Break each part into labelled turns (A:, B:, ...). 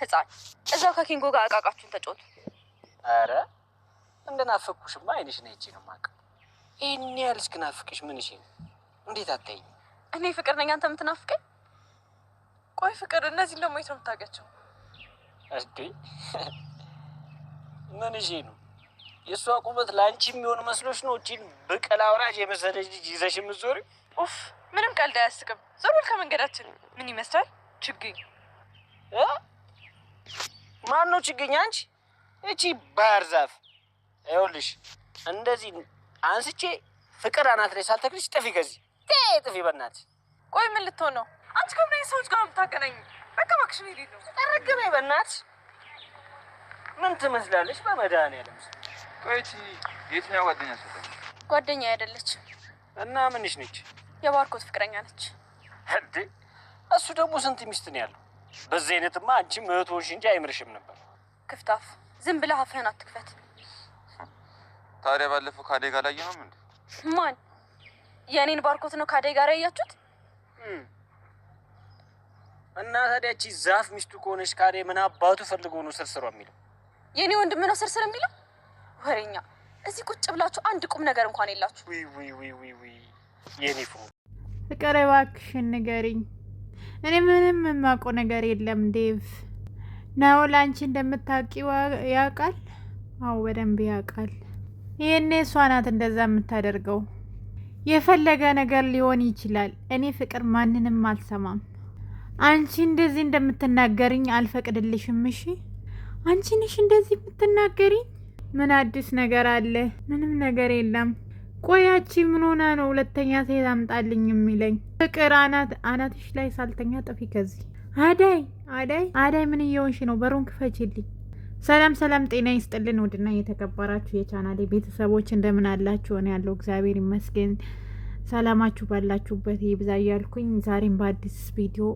A: ህፃን እዛው ከኪንጎ ጋር እቃቃችሁን ተጫወቱ።
B: ኧረ እንደናፈቅኩሽማ አይንሽ ነው ነው ማቀ ይህን ያህል እስክናፍቅሽ እንዴት አታይኝ?
A: እኔ ፍቅር ነኝ አንተ የምትናፍቀኝ? ቆይ ፍቅር እነዚህን ደግሞ የት ነው የምታውቂያቸው?
B: ምን ነው የእሷ ቁመት ለአንቺ የሚሆን መስሎች ነው? እቺን ብቅል አውራጅ የመሰለች ልጅ ይዘሽ
A: የምትዞሪ? ኡፍ ምንም ቀልድ አያስቅም። ዞር በል ከመንገዳችን። ምን ይመስላል ችግኝ
B: ነው ችግኝ አንቺ እቺ ባህር ዛፍ ይኸውልሽ፣ እንደዚህ አንስቼ ፍቅር አናት ላይ ሳልተክልሽ ጥፊ
A: ከዚህ ጥፊ። በእናትህ ቆይ ምን ልትሆን ነው አንቺ? ከምን አይነት ሰዎች ጋር ምታገናኝ በቃ
B: እባክሽ ነው ይሄዱ ተረግበ። በእናትህ ምን ትመስላለች? በመድኃኒዓለም
C: ቆይ፣ የትኛው
A: ጓደኛ ሰ ጓደኛ አይደለች እና ምንሽ ነች? የባርኮት ፍቅረኛ ነች።
B: እንዴ እሱ ደግሞ ስንት ሚስት ነው ያለው? በዚህ አይነትማ አንቺ አንቺም እህቶሽ እንጂ
A: አይምርሽም ነበር። ክፍታፍ ዝም ብለህ አፍህን አትክፈት።
C: ታዲያ ባለፈው ከአደይ ጋር አላየኸውም
A: እንዴ? ማን የእኔን ባርኮት ነው ካዴ ጋር
B: ያያችሁት? እና ታዲያ እቺ ዛፍ ሚስቱ ከሆነች ካዴ ምን አባቱ ፈልጎ ነው ስርስሮ የሚለው?
A: የእኔ ወንድም ነው ስርስር የሚለው ወሬኛ። እዚህ ቁጭ ብላችሁ አንድ ቁም ነገር እንኳን
B: የላችሁ።
D: የኔ ፎ ፍቅር እባክሽን ንገሪኝ። እኔ ምንም የማውቀው ነገር የለም ዴቭ ነው አንቺ እንደምታውቂው ያውቃል። አዎ በደንብ ያውቃል። ይህኔ እሷ ናት እንደዛ የምታደርገው። የፈለገ ነገር ሊሆን ይችላል። እኔ ፍቅር ማንንም አልሰማም። አንቺ እንደዚህ እንደምትናገርኝ አልፈቅድልሽም። እሺ አንቺ ነሽ እንደዚህ የምትናገርኝ ምን አዲስ ነገር አለ? ምንም ነገር የለም። ቆያቺ ምን ሆና ነው ሁለተኛ ሴት አምጣልኝ የሚለኝ? ፍቅር አናት አናትሽ ላይ ሳልተኛ ጥፊ ከዚህ አዳይ አዳይ አዳይ ምን እየሆንሽ ነው? በሩን ክፈችልኝ። ሰላም ሰላም፣ ጤና ይስጥልን ውድና እየተከበራችሁ የቻናሌ ቤተሰቦች እንደምን አላችሁ? ሆነ ያለው እግዚአብሔር ይመስገን። ሰላማችሁ ባላችሁበት ይብዛ እያልኩኝ ዛሬም በአዲስ ቪዲዮ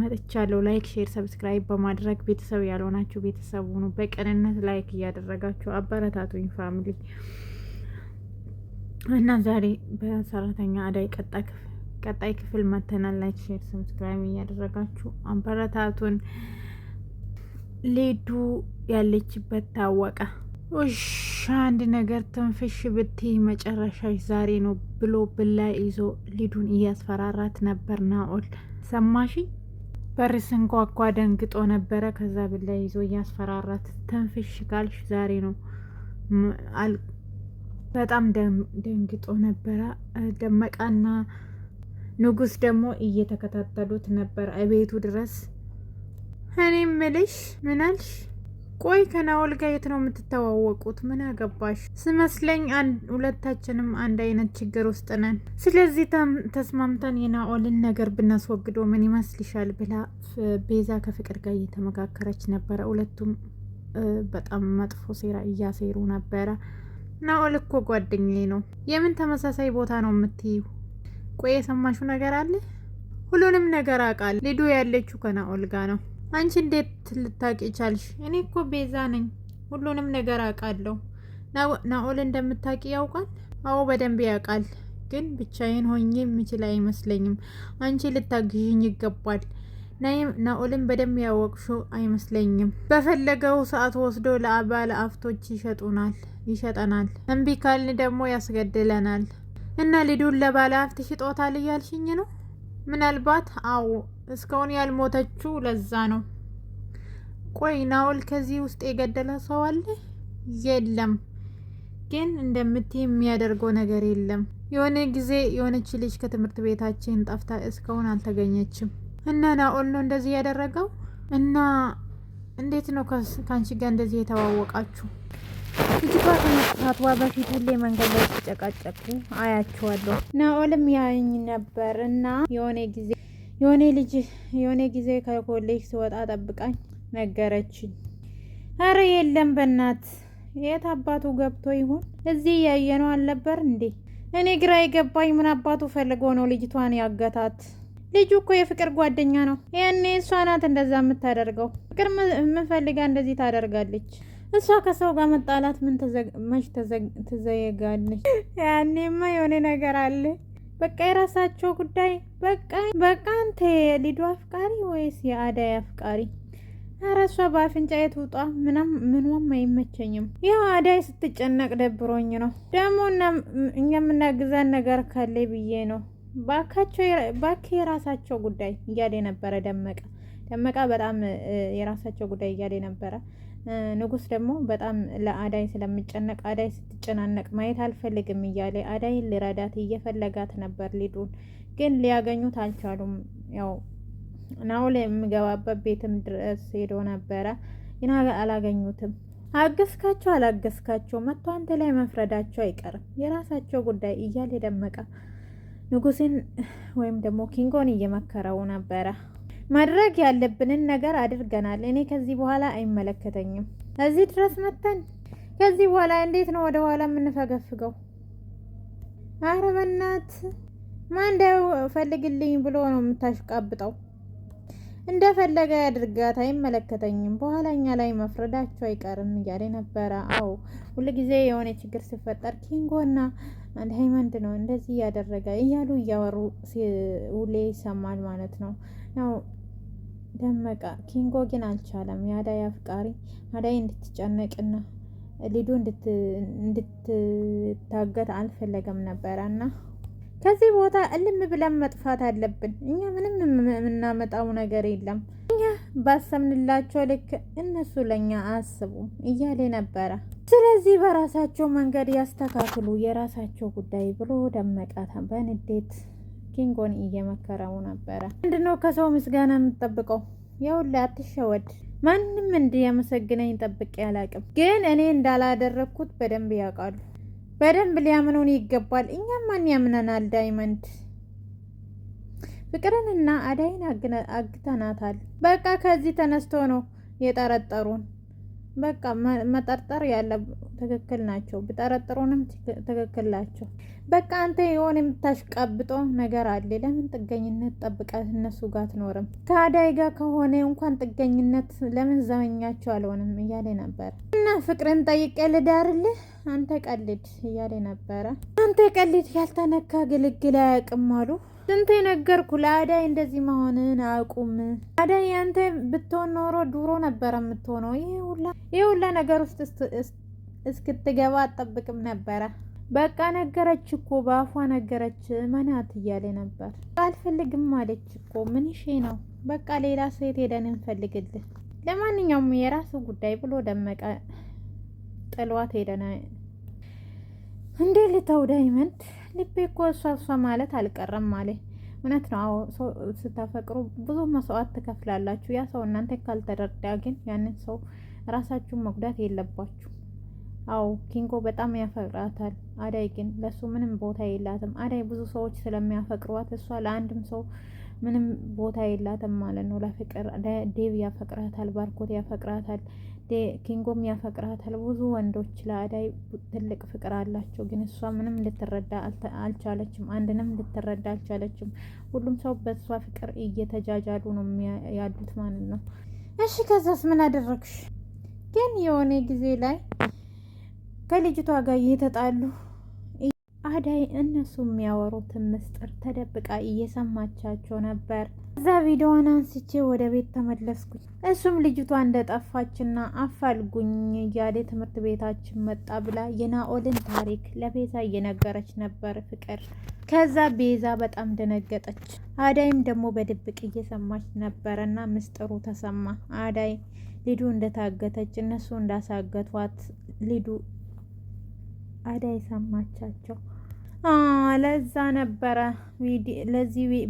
D: መጥቻለሁ። ላይክ፣ ሼር፣ ሰብስክራይብ በማድረግ ቤተሰብ ያልሆናችሁ ቤተሰብ ሁኑ። በቅንነት ላይክ እያደረጋችሁ አበረታቱኝ ፋሚሊ እና ዛሬ በሰራተኛ አዳይ ቀጣ ክፍል ቀጣይ ክፍል መተናል። ላይክ፣ ሼር፣ ሰብስክራይብ እያደረጋችሁ አበረታቱን። ሌዱ ያለችበት ታወቀ። ውሽ አንድ ነገር ትንፍሽ ብትይ መጨረሻሽ ዛሬ ነው ብሎ ብላ ይዞ ሊዱን እያስፈራራት ነበር። ናኦል ሰማሽ? በር ስንኳኳ ደንግጦ ነበረ። ከዛ ብላ ይዞ እያስፈራራት ትንፍሽ ካልሽ ዛሬ ነው በጣም ደንግጦ ነበረ። ደመቃና ንጉስ ደግሞ እየተከታተሉት ነበር እቤቱ ድረስ። እኔ ምልሽ ምናልሽ? ቆይ ከናውል ጋር የት ነው የምትተዋወቁት? ምን አገባሽ? ስመስለኝ ሁለታችንም አንድ አይነት ችግር ውስጥ ነን። ስለዚህ ተስማምተን የናኦልን ነገር ብናስወግዶ ምን ይመስልሻል? ብላ ቤዛ ከፍቅር ጋር እየተመካከረች ነበረ። ሁለቱም በጣም መጥፎ ሴራ እያሴሩ ነበረ። ናኦል እኮ ጓደኛዬ ነው። የምን ተመሳሳይ ቦታ ነው የምትይው ቆይ የሰማሽው ነገር አለ? ሁሉንም ነገር አውቃለሁ። ሊዱ ያለችው ከናኦል ጋ ነው። አንቺ እንዴት ልታውቂ ቻልሽ? እኔ እኮ ቤዛ ነኝ። ሁሉንም ነገር አውቃለሁ። ናኦል እንደምታውቂ ያውቃል? አዎ በደንብ ያውቃል። ግን ብቻዬን ሆኜ የምችል አይመስለኝም። አንቺ ልታግዥኝ ይገባል። ናኦልን በደንብ ያወቅሹ አይመስለኝም። በፈለገው ሰዓት ወስዶ ለባለ ሀብቶች ይሸጡናል ይሸጠናል። እምቢ ካልን ደግሞ ያስገድለናል። እና ሊዱን ለባለ ሀብት ሽጦታል እያልሽኝ ነው? ምናልባት አዎ፣ እስካሁን ያልሞተችው ለዛ ነው። ቆይ ናውል ከዚህ ውስጥ የገደለ ሰው አለ? የለም፣ ግን እንደምትይ የሚያደርገው ነገር የለም። የሆነ ጊዜ የሆነች ልጅ ከትምህርት ቤታችን ጠፍታ እስካሁን አልተገኘችም። እና ናኦል ነው እንደዚህ ያደረገው። እና እንዴት ነው ከአንቺ ጋር እንደዚህ የተዋወቃችሁ? ልጅቷ ከመጥፋቷ በፊት ሁሌ መንገድ ላይ ሲጨቃጨቁ አያቸዋለሁ። ናኦልም ያኝ ነበር እና የሆነ ጊዜ የሆነ ልጅ የሆነ ጊዜ ከኮሌጅ ስወጣ ጠብቃኝ ነገረችኝ። አረ የለም በእናት የት አባቱ ገብቶ ይሆን? እዚህ እያየነው አልነበር እንዴ? እኔ ግራ የገባኝ ምን አባቱ ፈልጎ ነው ልጅቷን ያገታት? ልጁ እኮ የፍቅር ጓደኛ ነው። ያኔ እሷ ናት እንደዛ የምታደርገው። ፍቅር ምን ፈልጋ እንደዚህ ታደርጋለች? እሷ ከሰው ጋር መጣላት ምን መች ትዘየጋለች? ያኔማ የሆነ ነገር አለ። በቃ የራሳቸው ጉዳይ። በቃ በቃ አንተ የሊዱ አፍቃሪ ወይስ የአዳይ አፍቃሪ? ኧረ እሷ በአፍንጫ የትውጧ። ምንም አይመቸኝም። ያው አዳይ ስትጨነቅ ደብሮኝ ነው። ደግሞ እኛ የምናግዛን ነገር ካለ ብዬ ነው። ባክ የራሳቸው ጉዳይ እያለ ነበረ ደመቀ። ደመቃ በጣም የራሳቸው ጉዳይ እያለ ነበረ ንጉስ ደግሞ በጣም ለአዳይ ስለምጨነቅ አዳይ ስትጨናነቅ ማየት አልፈልግም እያለ አዳይን ሊረዳት እየፈለጋት ነበር። ሊዱን ግን ሊያገኙት አልቻሉም። ያው ናውል የሚገባበት ቤትም ድረስ ሄዶ ነበረ ይና አላገኙትም። አገስካቸው አላገስካቸው መጥቶ አንተ ላይ መፍረዳቸው አይቀርም የራሳቸው ጉዳይ እያለ ደመቀ ንጉስን ወይም ደግሞ ኪንጎን እየመከረው ነበረ። ማድረግ ያለብንን ነገር አድርገናል። እኔ ከዚህ በኋላ አይመለከተኝም። እዚህ ድረስ መተን ከዚህ በኋላ እንዴት ነው ወደ ኋላ የምንፈገፍገው? አረ በናት ማን ፈልግልኝ ብሎ ነው የምታሽቃብጠው። እንደፈለገ ያድርጋት፣ አይመለከተኝም። በኋላኛ ላይ መፍረዳቸው አይቀርም እያለ ነበረ። አዎ ጊዜ የሆነ ችግር ሲፈጠር ኪንጎና ዳይመንድ ነው እንደዚህ እያደረገ እያሉ እያወሩ ሁሌ ይሰማል ማለት ነው ያው ደመቀ ኪንጎ ግን አልቻለም። የአዳይ አፍቃሪ አዳይ እንድትጨነቅና ሊዱ እንድትታገት አልፈለገም ነበረና ከዚህ ቦታ እልም ብለን መጥፋት አለብን። እኛ ምንም የምናመጣው ነገር የለም። እኛ ባሰብንላቸው ልክ እነሱ ለእኛ አስቡ እያለ ነበረ። ስለዚህ በራሳቸው መንገድ ያስተካክሉ፣ የራሳቸው ጉዳይ ብሎ ደመቀ በንዴት ኪንጎን እየመከረው ነበረ። ምንድነው ከሰው ምስጋና የምትጠብቀው? ይኸውልህ አትሸወድ። ማንም እንዲህ ያመሰግነኝ ጠብቄ አላቅም፣ ግን እኔ እንዳላደረግኩት በደንብ ያውቃሉ። በደንብ ሊያምኑን ይገባል። እኛም ማን ያምነናል? ዳይመንድ ፍቅርንና አዳይን አግተናታል። በቃ ከዚህ ተነስቶ ነው የጠረጠሩን። በቃ መጠርጠር ያለ ትክክል ናቸው። ብጠረጥሩንም ትክክል ናቸው። በቃ አንተ የሆነ የምታሽቃብጦ ነገር አለ። ለምን ጥገኝነት ጠብቀ እነሱ ጋ አትኖርም? ከአዳይ ጋር ከሆነ እንኳን ጥገኝነት ለምን ዘመኛቸው አልሆንም እያለ ነበረ። እና ፍቅርን ጠይቄ ልዳርልህ አንተ ቀልድ እያለ ነበረ። አንተ ቀልድ ያልተነካ ግልግል አያውቅም አሉ ስንት ነገርኩ ለአዳይ እንደዚህ መሆንን አቁም። አዳይ ያንተ ብትሆን ኖሮ ዱሮ ነበረ የምትሆነው። ይህ ሁላ ነገር ውስጥ እስክትገባ አጠብቅም ነበረ። በቃ ነገረች እኮ በአፏ ነገረች። መናት እያለ ነበር። አልፈልግም አለች እኮ ምን ነው። በቃ ሌላ ሴት ሄደን እንፈልግልህ። ለማንኛውም የራሱ ጉዳይ ብሎ ደመቀ ጥሏት ሄደና እንዴ ልተው ዳይመንድ ልቤ እኮ እሷ እሷ ማለት አልቀረም ማለ እውነት ነው። አዎ ሰው ስታፈቅሩ ብዙ መስዋዕት ትከፍላላችሁ። ያ ሰው እናንተ ካልተረዳ ግን ያንን ሰው ራሳችሁን መጉዳት የለባችሁ። አዎ ኪንጎ በጣም ያፈቅራታል። አዳይ ግን ለእሱ ምንም ቦታ የላትም። አዳይ ብዙ ሰዎች ስለሚያፈቅሯት እሷ ለአንድም ሰው ምንም ቦታ የላትም ማለት ነው። ለፍቅር ዴቭ ያፈቅራታል፣ ባርኮት ያፈቅራታል፣ ኪንጎም ያፈቅራታል። ብዙ ወንዶች ለአዳይ ትልቅ ፍቅር አላቸው፣ ግን እሷ ምንም ልትረዳ አልቻለችም። አንድንም ልትረዳ አልቻለችም። ሁሉም ሰው በእሷ ፍቅር እየተጃጃሉ ነው ያሉት ማለት ነው። እሺ ከዛስ ምን አደረግሽ? ግን የሆነ ጊዜ ላይ ከልጅቷ ጋር እየተጣሉ አዳይ እነሱ የሚያወሩትን ምስጢር ተደብቃ እየሰማቻቸው ነበር። እዛ ቪዲዮዋን አንስቼ ወደ ቤት ተመለስኩኝ። እሱም ልጅቷ ጠፋችና አፋልጉኝ እያለ ትምህርት ቤታችን መጣ ብላ የናኦልን ታሪክ ለቤዛ እየነገረች ነበር ፍቅር። ከዛ ቤዛ በጣም ደነገጠች። አዳይም ደግሞ በድብቅ እየሰማች ነበረ ምስጢሩ ተሰማ። አዳይ ሊዱ እንደታገተች እነሱ እንዳሳገቷት ሊዱ አዳይ ሰማቻቸው። ለዛ ነበረ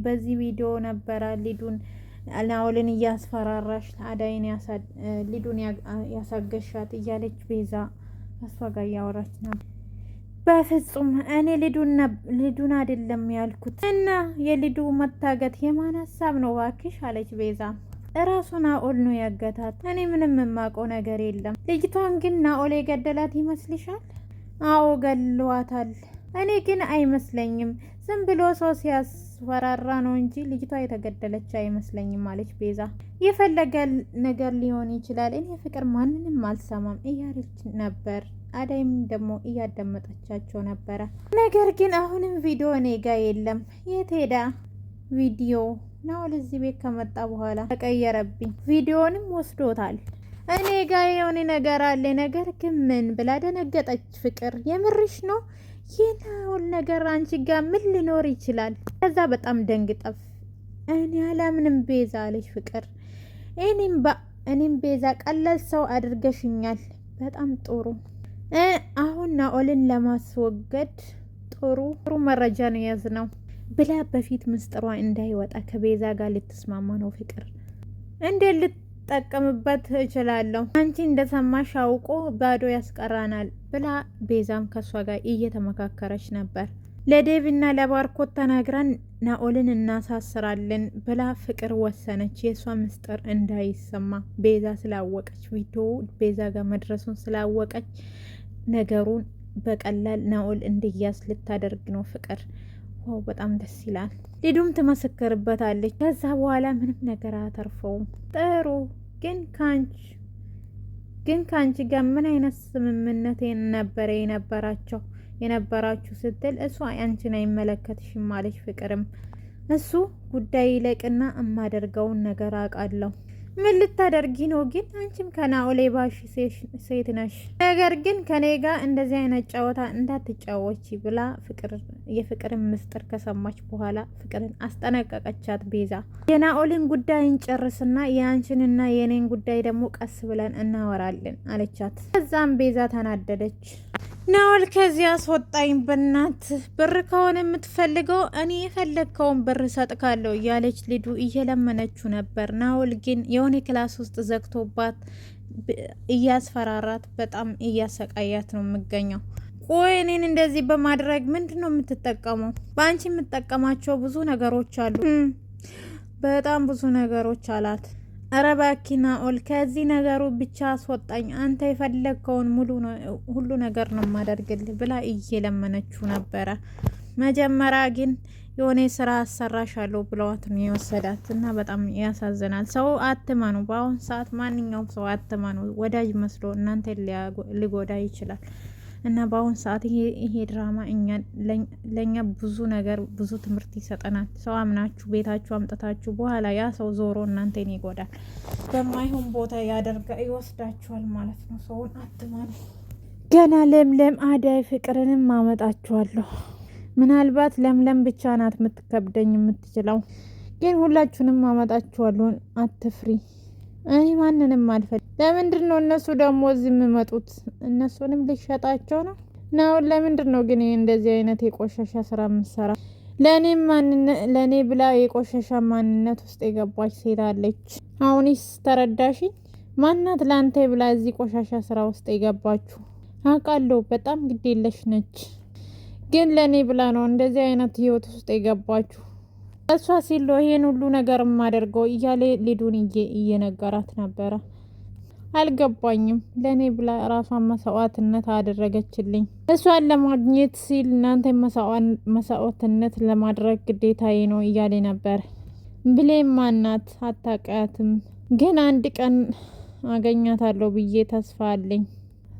D: በዚህ ቪዲዮ ነበረ ሊዱን ናኦልን እያስፈራራሽ አዳይን ሊዱን ያሳገሻት እያለች ቤዛ ከሷ ጋር እያወራች ነበር። በፍጹም እኔ ሊዱን አይደለም ያልኩት እና የሊዱ መታገት የማን ሀሳብ ነው ባክሽ? አለች ቤዛ። እራሱ ናኦል ነው ያገታት። እኔ ምንም የማውቀው ነገር የለም። ልጅቷን ግን ናኦል የገደላት ይመስልሻል? አዎ ገሏታል። እኔ ግን አይመስለኝም ዝም ብሎ ሰው ሲያስፈራራ ነው እንጂ ልጅቷ የተገደለች አይመስለኝም አለች ቤዛ። የፈለገ ነገር ሊሆን ይችላል። እኔ ፍቅር ማንንም አልሰማም እያለች ነበር። አዳይም ደግሞ እያዳመጠቻቸው ነበረ። ነገር ግን አሁንም ቪዲዮ እኔ ጋ የለም። የት ሄዳ ቪዲዮ ነው? እዚህ ቤት ከመጣ በኋላ ተቀየረብኝ። ቪዲዮንም ወስዶታል። እኔ ጋ የሆነ ነገር አለ። ነገር ግን ምን ብላ ደነገጠች። ፍቅር የምርሽ ነው ይህን ነገር አንቺ ጋር ምን ሊኖር ይችላል? ከዛ በጣም ደንግጠፍ እኔ አላምንም ቤዛ አለች ፍቅር። እኔም ቤዛ ቀለል ሰው አድርገሽኛል። በጣም ጥሩ። አሁን ናኦልን ለማስወገድ ጥሩ ጥሩ መረጃ ነው የያዝነው ብላ በፊት ምስጢሯ እንዳይወጣ ከቤዛ ጋር ልትስማማ ነው ፍቅር እንዴ ልጠቀምበት እችላለሁ። አንቺ እንደሰማሽ አውቆ ባዶ ያስቀራናል ብላ ቤዛም ከእሷ ጋር እየተመካከረች ነበር። ለዴቭ እና ለባርኮት ተናግረን ናኦልን እናሳስራለን ብላ ፍቅር ወሰነች። የእሷ ምስጢር እንዳይሰማ ቤዛ ስላወቀች፣ ቪዲዮ ቤዛ ጋር መድረሱን ስላወቀች ነገሩን በቀላል ናኦል እንድያዝ ልታደርግ ነው ፍቅር። ዋው በጣም ደስ ይላል። ሊዱም ትመሰክርበታለች። ከዛ በኋላ ምንም ነገር አተርፈውም ጥሩ ግን ከአንቺ ግን ከአንቺ ጋር ምን አይነት ስምምነት ነበረ የነበራቸው የነበራችሁ ስትል እሱ አንቺን አይመለከትሽም አለች። ፍቅርም እሱ ጉዳይ ይለቅና እማደርገውን ነገር አውቃለሁ ምን ልታደርጊ ነው ግን? አንቺም ከናኦሌ ባሽ ሴት ነሽ። ነገር ግን ከኔ ጋር እንደዚህ አይነት ጨዋታ እንዳትጫወች ብላ የፍቅርን ምስጢር ከሰማች በኋላ ፍቅርን አስጠነቀቀቻት። ቤዛ የናኦልን ጉዳይ እንጨርስና የአንቺንና የኔን ጉዳይ ደግሞ ቀስ ብለን እናወራለን አለቻት። ከዛም ቤዛ ተናደደች። ናውል ከዚህ አስወጣኝ በናት ብር ከሆነ የምትፈልገው እኔ የፈለግከውን ብር ሰጥካለሁ እያለች ልዱ እየለመነችው ነበር። ናወል ግን የሆነ ክላስ ውስጥ ዘግቶባት እያስፈራራት በጣም እያሰቃያት ነው የምገኘው። ቆይ እኔን እንደዚህ በማድረግ ምንድን ነው የምትጠቀመው? በአንቺ የምትጠቀማቸው ብዙ ነገሮች አሉ፣ በጣም ብዙ ነገሮች አላት። ረባኪና ኦል ከዚህ ነገሩ ብቻ አስወጣኝ፣ አንተ የፈለግከውን ሙሉ ሁሉ ነገር ነው የማደርግልህ ብላ እየለመነችው ነበረ። መጀመሪያ ግን የሆነ ስራ አሰራሻለሁ ብለዋት ነው የወሰዳት እና በጣም ያሳዝናል። ሰው አትመኑ፣ በአሁን ሰዓት ማንኛውም ሰው አትመኑ። ወዳጅ መስሎ እናንተ ሊጎዳ ይችላል። እና በአሁን ሰዓት ይሄ ድራማ ለእኛ ብዙ ነገር ብዙ ትምህርት ይሰጠናል። ሰው አምናችሁ ቤታችሁ አምጥታችሁ በኋላ ያ ሰው ዞሮ እናንተን ይጎዳል፣ በማይሆን ቦታ ያደርጋ ይወስዳችኋል ማለት ነው። ሰውን አትመኑ። ገና ለምለም አዳይ ፍቅርንም አመጣችኋለሁ። ምናልባት ለምለም ብቻ ናት የምትከብደኝ የምትችለው፣ ግን ሁላችሁንም አመጣችኋለሁን፣ አትፍሪ እኔ ማንንም አልፈል ለምንድን ነው እነሱ ደግሞ እዚህ የምመጡት? እነሱንም ልሸጣቸው ነው ናሁን? ለምንድን ነው ግን እንደዚህ አይነት የቆሻሻ ስራ የምሰራ? ለእኔም ማንነት ለእኔ ብላ የቆሻሻ ማንነት ውስጥ የገባች ሴት አለች። አሁንስ ተረዳሽኝ? ማናት ለአንተ ብላ እዚህ ቆሻሻ ስራ ውስጥ የገባችሁ? አውቃለሁ በጣም ግዴለሽ ነች፣ ግን ለእኔ ብላ ነው እንደዚህ አይነት ህይወት ውስጥ የገባችሁ። እሷ ሲሎ ይሄን ሁሉ ነገር የማደርገው እያለ ሊዱን እየነገራት ነበረ። አልገባኝም። ለእኔ ብላ ራሷን መስዋዕትነት አደረገችልኝ። እሷን ለማግኘት ሲል እናንተ መስዋዕትነት ለማድረግ ግዴታዬ ነው እያለ ነበር። ብሌም ማናት አታውቃትም፣ ግን አንድ ቀን አገኛታለሁ ብዬ ተስፋ አለኝ።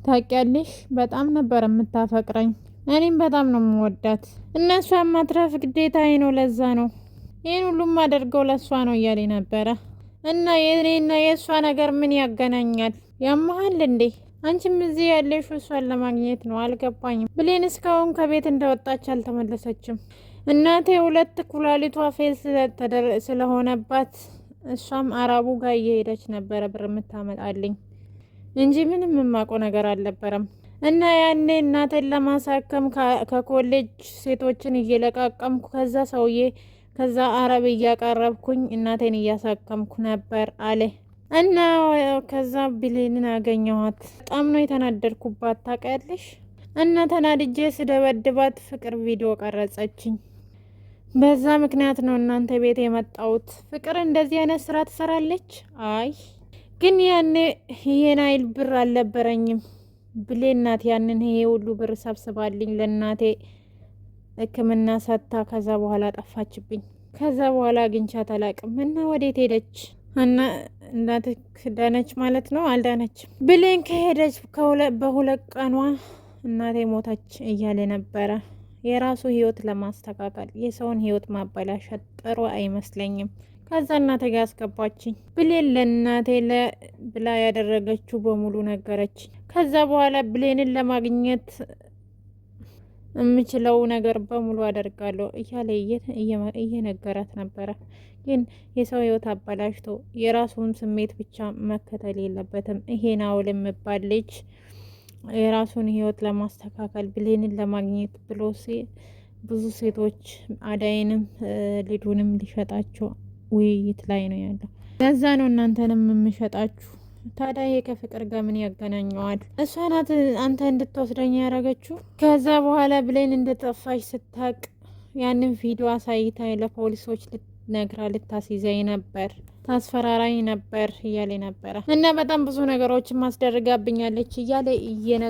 D: ታውቂያለሽ፣ በጣም ነበር የምታፈቅረኝ። እኔም በጣም ነው የምወዳት። እነሷን ማትረፍ ግዴታዬ ነው። ለዛ ነው ይህን ሁሉም አደርገው ለእሷ ነው እያለ ነበረ። እና የእኔና የእሷ ነገር ምን ያገናኛል? ያመሃል እንዴ? አንቺም እዚህ ያለሹ እሷን ለማግኘት ነው። አልገባኝም። ብሌን እስካሁን ከቤት እንደወጣች አልተመለሰችም። እናቴ ሁለት ኩላሊቷ ፌል ስለሆነባት እሷም አራቡ ጋር እየሄደች ነበረ ብር የምታመጣልኝ እንጂ ምንም የማውቀው ነገር አልነበረም። እና ያኔ እናቴን ለማሳከም ከኮሌጅ ሴቶችን እየለቃቀምኩ ከዛ ሰውዬ ከዛ አረብ እያቀረብኩኝ እናቴን እያሳከምኩ ነበር አለ እና ከዛ ብሌንን አገኘኋት። በጣም ነው የተናደድኩባት ታውቂያለሽ። እና ተናድጄ ስደበድባት ፍቅር ቪዲዮ ቀረጸችኝ። በዛ ምክንያት ነው እናንተ ቤት የመጣሁት። ፍቅር እንደዚህ አይነት ስራ ትሰራለች። አይ ግን ያኔ ይሄን አይል ብር አልነበረኝም። ብሌ እናት ያንን ይሄ ሁሉ ብር ሰብስባልኝ ለእናቴ ህክምና ሰጥታ ከዛ በኋላ ጠፋችብኝ። ከዛ በኋላ አግኝቻት አላቅም እና ወዴት ሄደች እና እናትህ ዳነች ማለት ነው? አልዳነችም። ብሌን ከሄደች በሁለት ቀኗ እናቴ ሞተች እያለ ነበረ። የራሱ ህይወት ለማስተካከል የሰውን ህይወት ማበላሸት ጥሩ አይመስለኝም። ከዛ እናቴ ጋር አስገባችኝ። ብሌን ለእናቴ ብላ ያደረገችው በሙሉ ነገረች። ከዛ በኋላ ብሌንን ለማግኘት የምችለው ነገር በሙሉ አደርጋለሁ እያለ እየነገራት ነበረ። ግን የሰው ህይወት አበላሽቶ የራሱን ስሜት ብቻ መከተል የለበትም። ይሄን ናውል የምባል ልጅ የራሱን ህይወት ለማስተካከል ብሌንን ለማግኘት ብሎ ብዙ ሴቶች አዳይንም ልጁንም ሊሸጣቸው ውይይት ላይ ነው ያለው። ለዛ ነው እናንተንም የምሸጣችሁ ታዲያ ይሄ ከፍቅር ጋር ምን ያገናኘዋል? እሷ ናት አንተ እንድትወስደኝ ያደረገችው። ከዛ በኋላ ብሌን እንደጠፋሽ ስታቅ ያንን ቪዲዮ አሳይታ ለፖሊሶች ልትነግራ ልታስይዘኝ ነበር፣ ታስፈራራኝ ነበር እያለ ነበረ እና በጣም ብዙ ነገሮችን ማስደርጋብኛለች እያለ እየነ